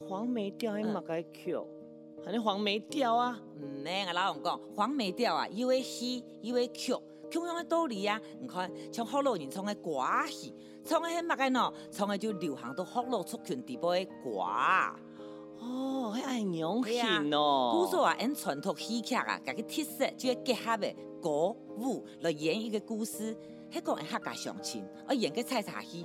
黃梅調還擘開曲，反正黃梅調啊、嗯、啊，唔免啊？老王講黃梅調啊，U A C U A 曲，唱向咧道理啊。你看像福禄人創嘅歌戲，創嘅迄目開喏，創嘅就流行到福禄族群底部嘅歌。哦，迄個係娘戲喏。古早啊，因傳統戲劇啊，息息啊個個特色就要結合嘅歌舞來演一個故事，迄個會客家上親，啊，演個採茶戲。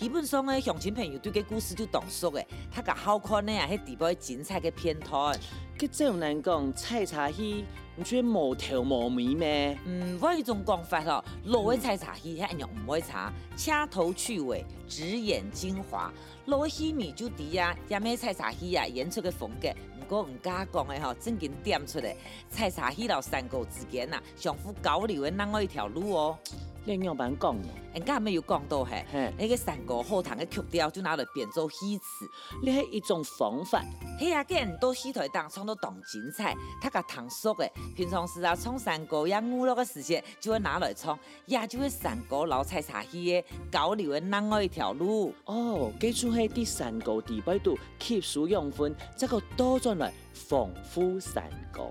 基本上咧，鄉親朋友對這個故事就懂熟個，他個好看咧啊，迄底部精彩個片段。佮怎樣講，菜茶戲唔算無頭無尾咩？嗯，我有種講法哦，老的菜茶戲，迄樣唔會炒，掐頭去尾，只演精華，老戲迷就底啊，也買菜茶戲啊，演出個風格。不過唔加講個吼，正經點出來，菜茶戲到山歌之間吶，相互交流的另外一條路哦。你樣版講嘅，人家咪有講到係，那個山歌好聽的曲調就拿來變做戲詞，你係一種方法。嘿呀、啊，今到戲台當唱到當真彩，他甲糖熟嘅，平常時啊唱山歌也娛樂個時間，就會拿來唱，也就會山歌老菜茶戲嘅交流嘅另外一條路。哦，記住喺啲山歌地表度吸收養分，再個倒轉來豐富山歌。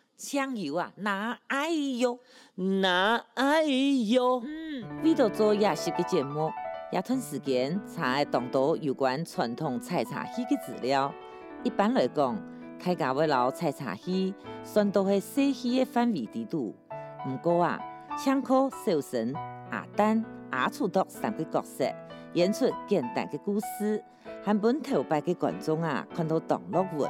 唱遊啊，拿哎呦，拿哎呦！嗯，為了做亞細個節目，亞吞時間查了同多有關傳統採茶戲嘅資料。一般來講，大家要老採茶戲，全都係戲曲嘅範圍之度。唔過啊，腔口、手神、啊，丹、啊，出毒，三個角色演出簡單嘅故事，讓本頭拜嘅觀眾啊，看到同樂聞。